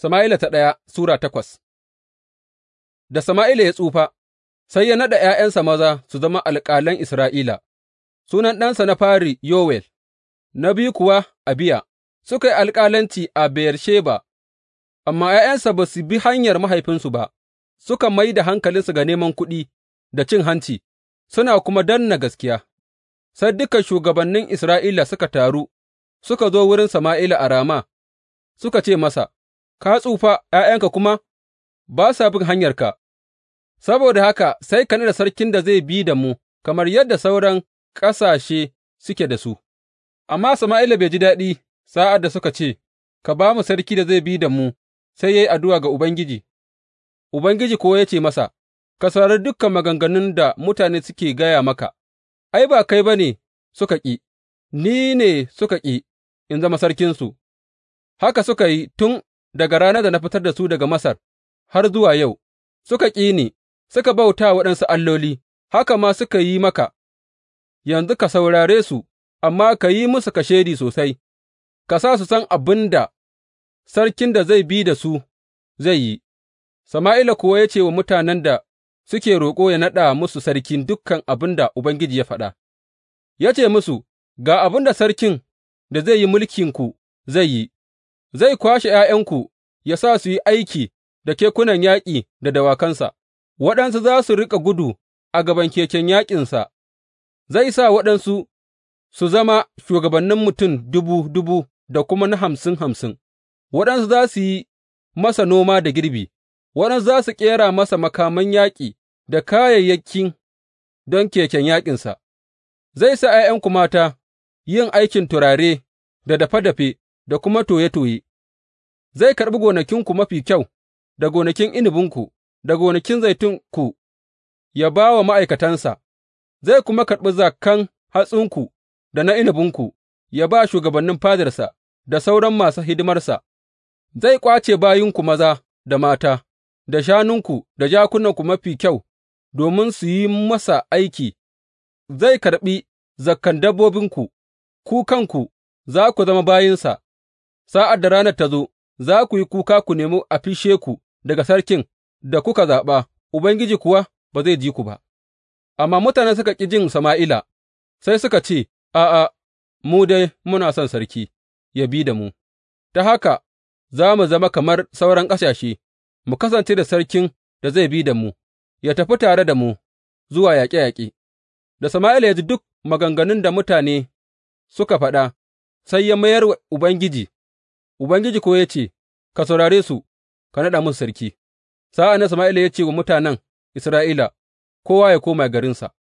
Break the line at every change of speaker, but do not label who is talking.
Sama'ila ta ɗaya Sura takwas Da Sama'ila ya tsufa, sai ya naɗa ’ya'yansa maza su zama alƙalan Isra'ila, sunan ɗansa na fari Yowel, na biyu kuwa Abiya, suka yi alƙalanci a Beyersheba, amma ’ya'yansa ba su bi hanyar mahaifinsu ba, suka mai da hankalinsu ga neman kuɗi da cin hanci, suna kuma danna gaskiya. Sai dukan shugabannin Isra'ila suka taru, suka zo wurin Sama'ila a Rama, suka ce masa, ka tsufa ’ya'yanka kuma ba sa bin hanyarka, saboda haka sai ka naɗa sarkin da zai bi da mu, kamar yadda sauran ƙasashe suke da su. Amma Sama'ila bai ji daɗi sa'ad da suka ce, Ka ba mu sarki da zai bi da mu, sai ya yi addu'a ga Ubangiji, Ubangiji kuwa ya ce masa, Ka saurari dukan maganganun da mutane suke gaya maka, ai, ba kai ba ne suka ƙi, ni ne suka ƙi in zama sarkinsu, haka suka yi tun daga ranar da na fitar da su daga Masar har zuwa yau, suka ƙi ni, suka bauta wa waɗansu alloli, haka ma suka yi maka, yanzu ka saurare su, amma ka yi musu kashedi sosai, ka sa su san abin da sarkin da zai bi da su zai yi. Sama'ila kuwa ya ce wa mutanen da suke roƙo ya naɗa musu sarkin dukkan abin da Ubangiji ya faɗa, ya ce musu, Ga abin da sarkin da zai yi mulkinku zai yi, Zai kwashe ’ya'yanku ya sa su yi aiki da kekunan yaƙi da dawakansa, waɗansu za su riƙa gudu a gaban keken yaƙinsa, zai sa waɗansu su zama shugabannin mutum dubu dubu da kuma na hamsin hamsin, waɗansu za su yi masa noma da girbi, waɗansu za su ƙera masa makaman yaƙi da kayayyakin don keken yaƙinsa, zai sa ’ya'yanku mata yin aikin turare da dafe dafe da kuma toye toye, zai karɓi gonakinku mafi kyau, da gonakin inibinku, da gonakin zaitunku ya ba wa ma'aikatansa, zai kuma karɓi zakan hatsinku da na inibinku ya ba shugabannin fadarsa da sauran masu hidimarsa, zai ƙwace bayinku maza da mata, da shanunku da jakunanku mafi kyau, domin su yi masa aiki, zai karɓi zakan dabbobinku, ku kanku za ku zama bayinsa, Sa'ad da ranar ta zo, za ku yi kuka ku nemi a fishe ku daga sarkin da kuka zaɓa, Ubangiji kuwa ba zai ji ku ba. Amma mutane suka ƙi jin Sama'ila, sai suka ce, A'a, mu dai muna son sarki, ya bi da mu, ta haka za mu zama kamar sauran ƙasashe, mu kasance da sarkin da zai bi da mu, ya tafi tare da mu zuwa yaƙe-yaƙe. Da Sama'ila ya ji duk maganganun da mutane suka faɗa, sai ya mayar wa Ubangiji Ubangiji kuwa ya ce, Ka saurare su, ka naɗa musu sarki. Sa'an nan Sama'ila ya ce wa mutanen Isra'ila, Kowa ya koma garinsa.